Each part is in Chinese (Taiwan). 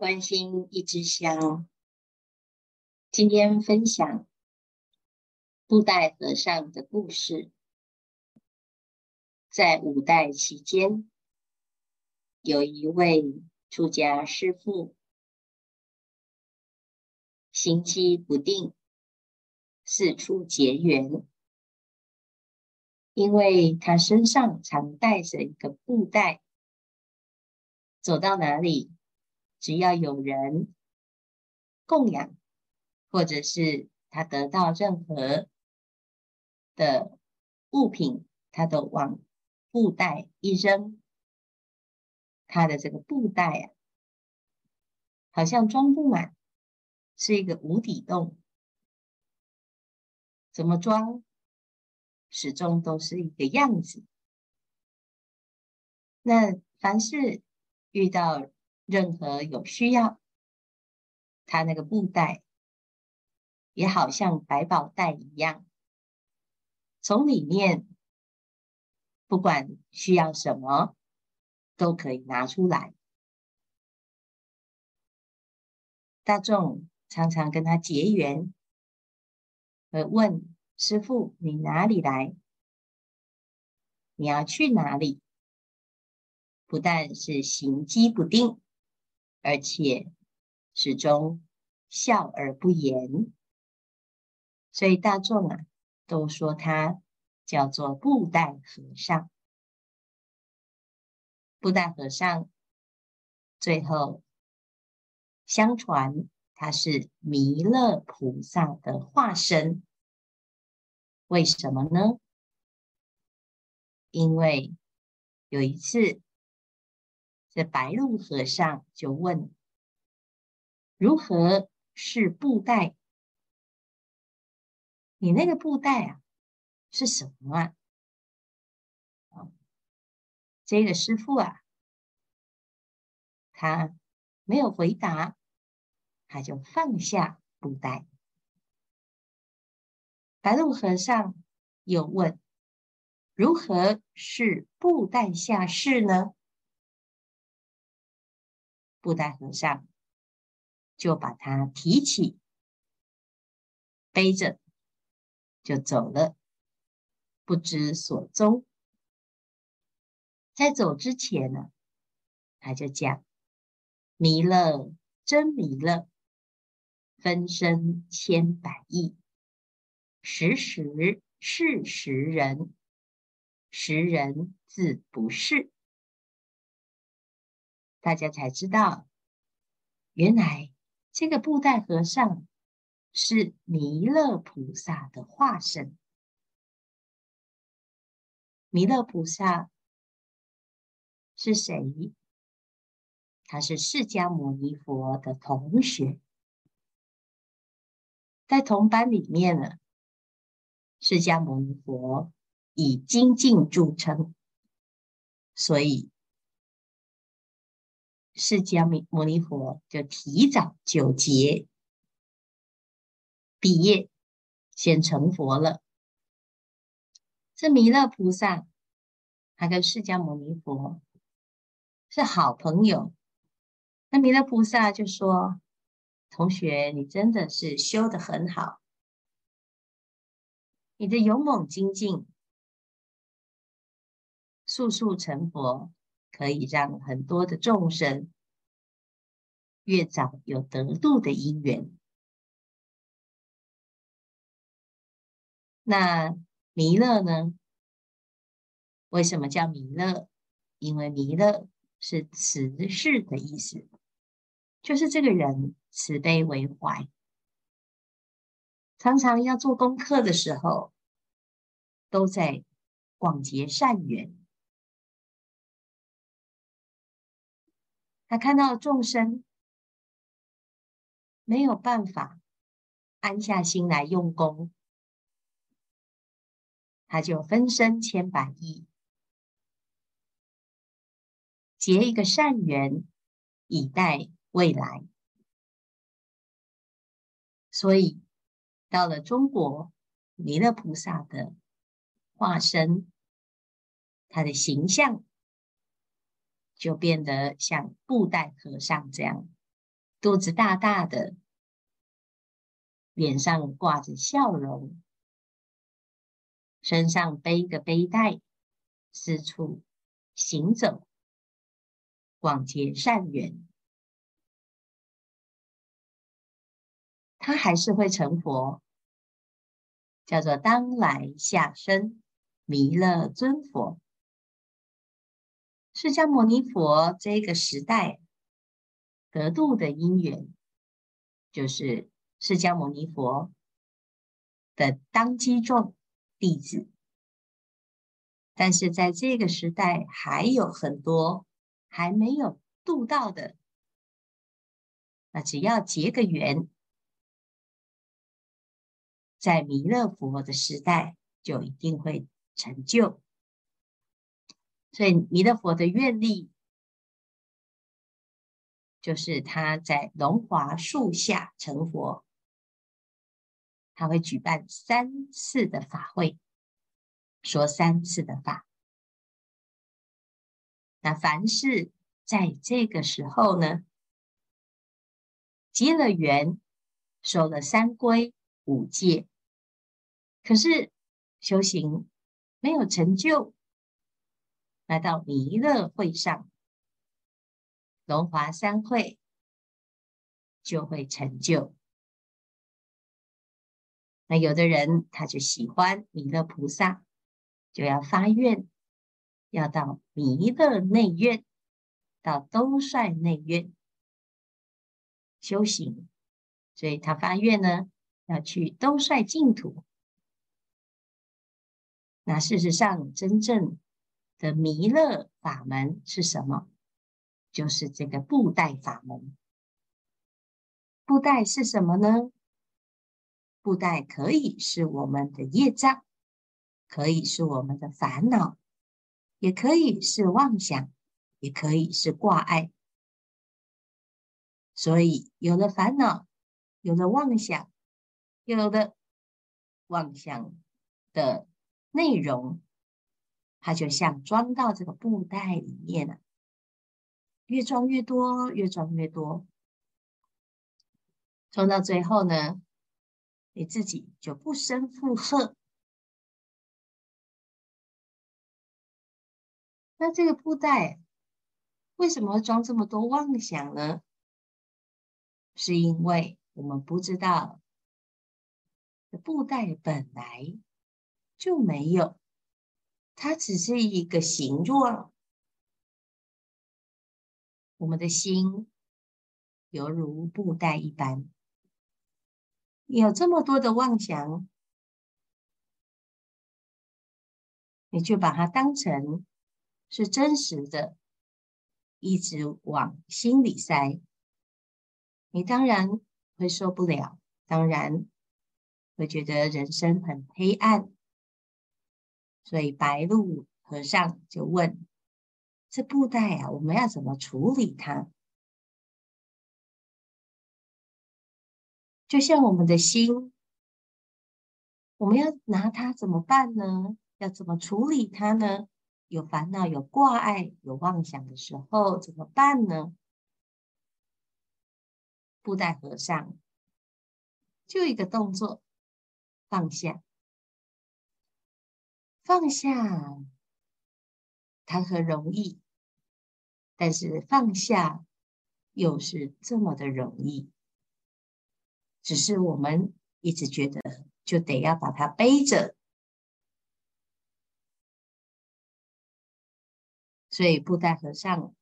觀心一支香。今天分享布袋和尚的故事。在五代期間，有一位出家師父，行跡不定，四處結緣，因為他身上常帶着一個布袋，走到哪裡，只要有人供養，或者是他得到任何的物品，他都往布袋一扔，他的這個布袋啊，好像裝不滿，是一個無底洞，怎麼裝，始終都是一個樣子。那凡是遇到，任何有需要，他那個布袋也好像百寶袋一樣，從裡面不管需要什麼都可以拿出來。大眾常常跟他結緣，而問師父：“你哪裡來？你要去哪裡？”不但是行跡不定。而且始終笑而不言，所以大眾啊都說他叫做布袋和尚。布袋和尚最後相傳他是彌勒菩薩的化身，為什麼呢？因為有一次。這白鹿和尚就問：“如何是布袋？你那個布袋啊，是什麼啊？”這個師父啊，他沒有回答，他就放下布袋。白鹿和尚又問：“如何是布袋下事呢？”布袋和尚就把他提起，背着就走了，不知所蹤。在走之前呢，他就講：“彌勒真彌勒，分身千百億，時時示時人，時人自不識。”大家才知道，原來這個布袋和尚是彌勒菩薩的化身。彌勒菩薩是誰？他是釋迦牟尼佛的同學，在同班裡面呢。釋迦牟尼佛以精進著稱，所以。釋迦牟尼佛就提早九劫畢業，先成佛了。這彌勒菩薩他跟釋迦牟尼佛是好朋友，那彌勒菩薩就說：“同學，你真的是修得很好，你的勇猛精進，速速成佛。”可以讓很多的眾生越早有得度的因緣。那彌勒呢？為什麼叫彌勒？因為彌勒是慈氏的意思，就是這個人慈悲為懷，常常要做功課的時候，都在廣結善緣。他看到眾生沒有辦法安下心來用功，他就分身千百億，結一個善緣以待未來。所以到了中國，彌勒菩薩的化身，他的形象。就變得像布袋和尚這樣，肚子大大的，臉上掛着笑容，身上背一個背帶，四處行走，廣結善緣，他還是會成佛，叫做當來下生彌勒尊佛。釋迦牟尼佛這個時代得度的因緣，就是釋迦牟尼佛的當機眾弟子。但是在這個時代還有很多還沒有度到的，那只要結個緣，在彌勒佛的時代就一定會成就。所以彌勒佛的願力，就是他在龍華樹下成佛，他會舉辦三次的法會，說三次的法。那凡是在這個時候呢，結了緣，受了三皈五戒，可是修行沒有成就。來到彌勒會上，龍華三會就會成就。那有的人他就喜歡彌勒菩薩，就要發願，要到彌勒內院，到兜率內院修行。所以他發願呢，要去兜率淨土。那事實上，真正的彌勒法門是什麼？就是這個布袋法門。布袋是什麼呢？布袋可以是我們的業障，可以是我們的煩惱，也可以是妄想，也可以是掛礙。所以，有了煩惱，有了妄想，有了妄想的內容。它就像裝到這個布袋裡面了，越裝越多，越裝越多，裝到最後呢，你自己就不勝負荷。那這個布袋為什麼會裝這麼多妄想呢？是因為我們不知道，布袋本來就沒有。它只是一個形狀，我們的心猶如布袋一般，你有這麼多的妄想，你就把它當成是真實的，一直往心裡塞，你當然會受不了，當然會覺得人生很黑暗。所以白鹿和尚就問：“這布袋啊，我們要怎麼處理它？就像我們的心，我們要拿它怎麼辦呢？要怎麼處理它呢？有煩惱、有掛礙、有妄想的時候，怎麼辦呢？”布袋和尚就一個動作，放下。放下，談何容易？但是放下又是這麼的容易，只是我們一直覺得就得要把它背着。所以布袋和尚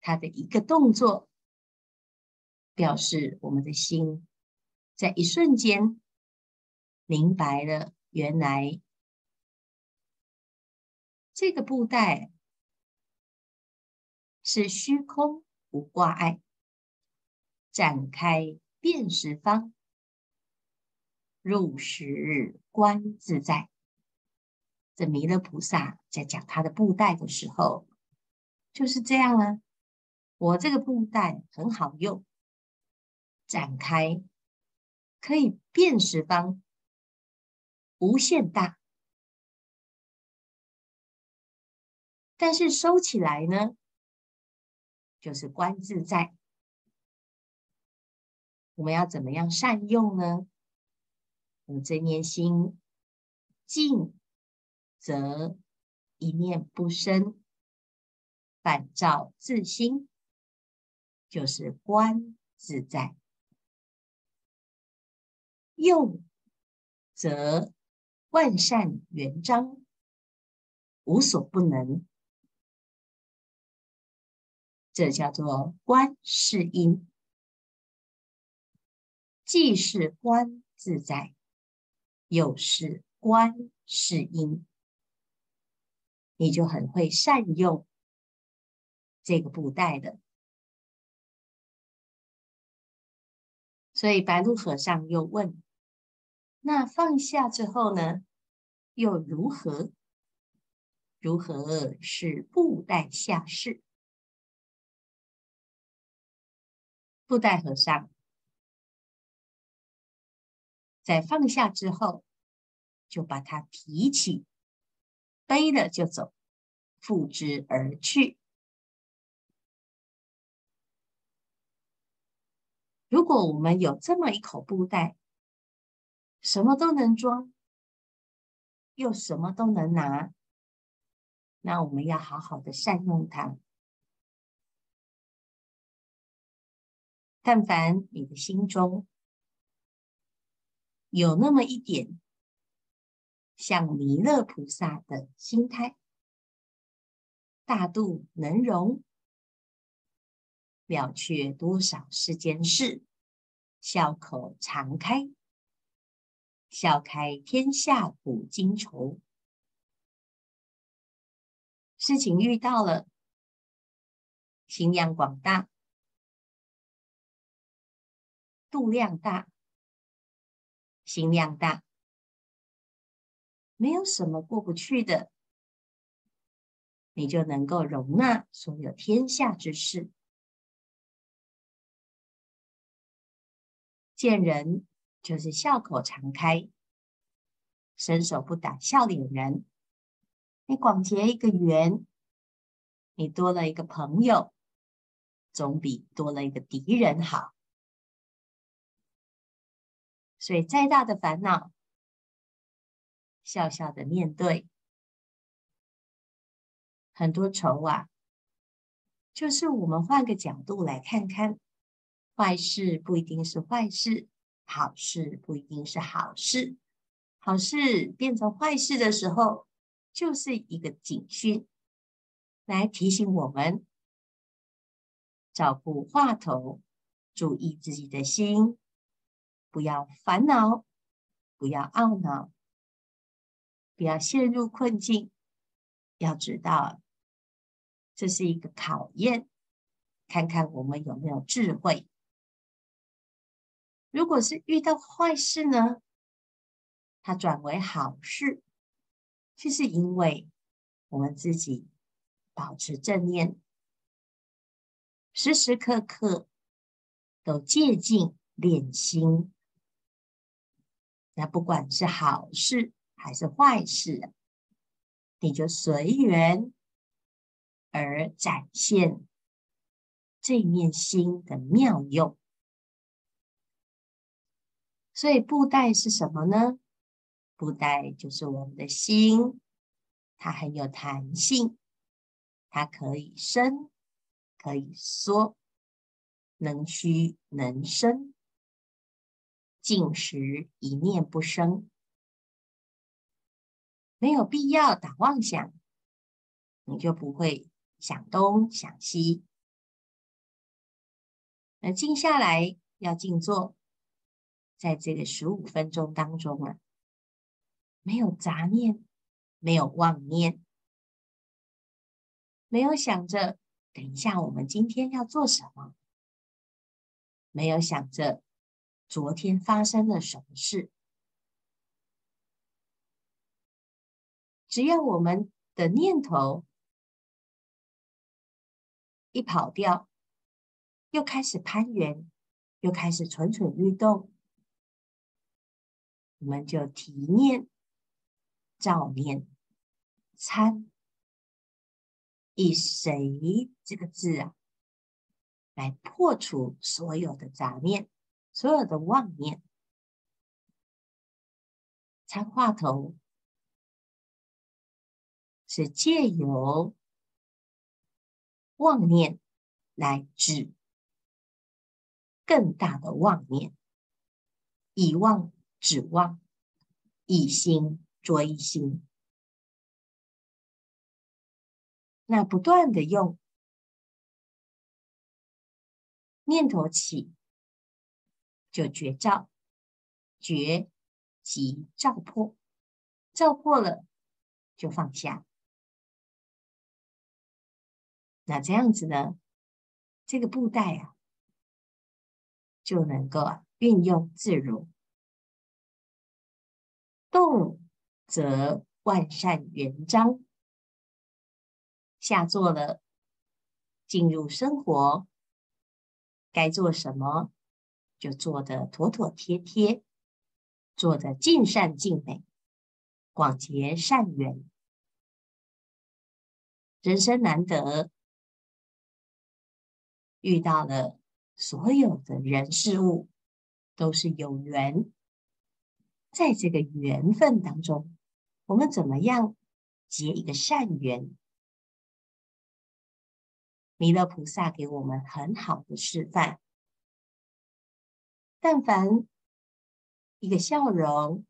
他的一個動作，表示我們的心在一瞬間明白了，原來。這個布袋是虛空無掛礙，展開遍十方，入時觀自在。這彌勒菩薩在講他的布袋的時候，就是這樣啊。我這個布袋很好用，展開可以遍十方，無限大。但是收起來呢，就是觀自在。我們要怎麼樣善用呢？我們這念心，靜，則一念不生，反照自心，就是觀自在。用則萬善圓彰，無所不能。這叫做觀世音，既是觀自在，又是觀世音，你就很會善用這個布袋的。所以白鹿和尚又問：那放下之後呢？又如何？如何是布袋下事？布袋和尚在放下之後，就把它提起，背了就走，負之而去。如果我們有這麼一口布袋，什麼都能裝，又什麼都能拿，那我們要好好的善用它。但凡你的心中有那麼一點像彌勒菩薩的心態，大度能容，了卻多少世間事，笑口常開，笑開天下古今愁。事情遇到了，心量廣大。度量大，心量大，沒有什麼過不去的，你就能夠容納所有天下之事。見人就是笑口常開，伸手不打笑臉人。你廣結一個緣，你多了一個朋友，總比多了一個敵人好。所以，再大的煩惱，笑笑的面對。很多愁啊，就是我們換個角度來看看，壞事不一定是壞事，好事不一定是好事。好事變成壞事的時候，就是一個警訊，來提醒我們照顧話頭，注意自己的心。不要煩惱，不要懊惱，不要陷入困境。要知道，這是一個考驗，看看我們有沒有智慧。如果是遇到壞事呢？它轉為好事，就是因為我們自己保持正念，時時刻刻都借境練心。那不管是好事還是壞事，你就隨緣而展現這一面心的妙用。所以布袋是什麼呢？布袋就是我們的心，它很有彈性，它可以伸，可以縮，能屈能伸。靜時一念不生，沒有必要打妄想，你就不會想東想西。那靜下來要靜坐，在這個十五分鐘當中了啊，沒有雜念，沒有妄念，沒有想着等一下我們今天要做什麼，沒有想着。昨天發生了什麼事？只要我們的念頭一跑掉，又開始攀緣，又開始蠢蠢欲動，我們就提念、照念、參以“誰”這個字啊，來破除所有的雜念。所有的妄念，參話頭，是借由妄念來指更大的妄念，以妄指妄，以心追一心，那不斷地用念頭起。就覺照，覺即照破，照破了就放下。那這樣子呢？這個布袋啊，就能夠啊運用自如，動則萬善圓彰。下座了，進入生活，該做什麼？就做得妥妥帖帖，做得盡善盡美，廣結善緣。人生難得遇到的所有的人事物都是有緣，在這個緣分當中，我們怎麼樣結一個善緣？彌勒菩薩給我們很好的示範。但凡一個笑容，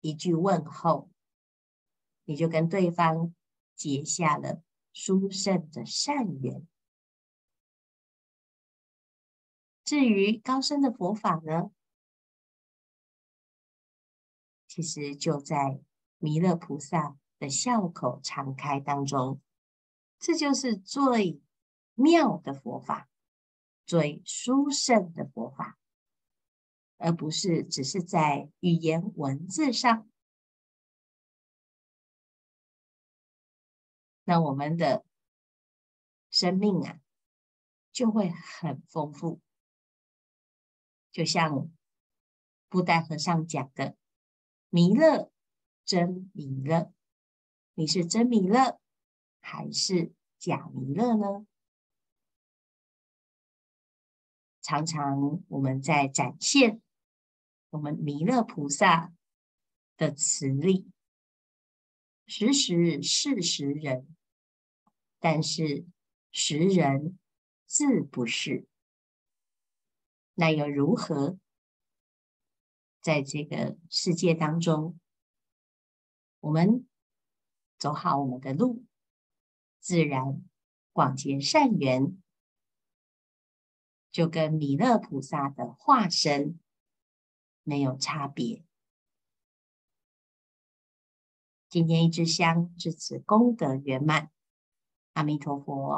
一句問候，你就跟對方結下了殊勝的善緣。至於高深的佛法呢？其實就在彌勒菩薩的笑口常開當中，這就是最妙的佛法，最殊勝的佛法。而不是只是在語言文字上，那我們的生命啊就會很豐富。就像布袋和尚講的：“彌勒真彌勒，你是真彌勒還是假彌勒呢？”常常我們在展現。我們彌勒菩薩的慈力，時時示時人，但是時人自不識，那又如何？在這個世界當中，我們走好我們的路，自然廣結善緣，就跟彌勒菩薩的化身沒有差別。今天一支香，至此功德圓滿。阿彌陀佛。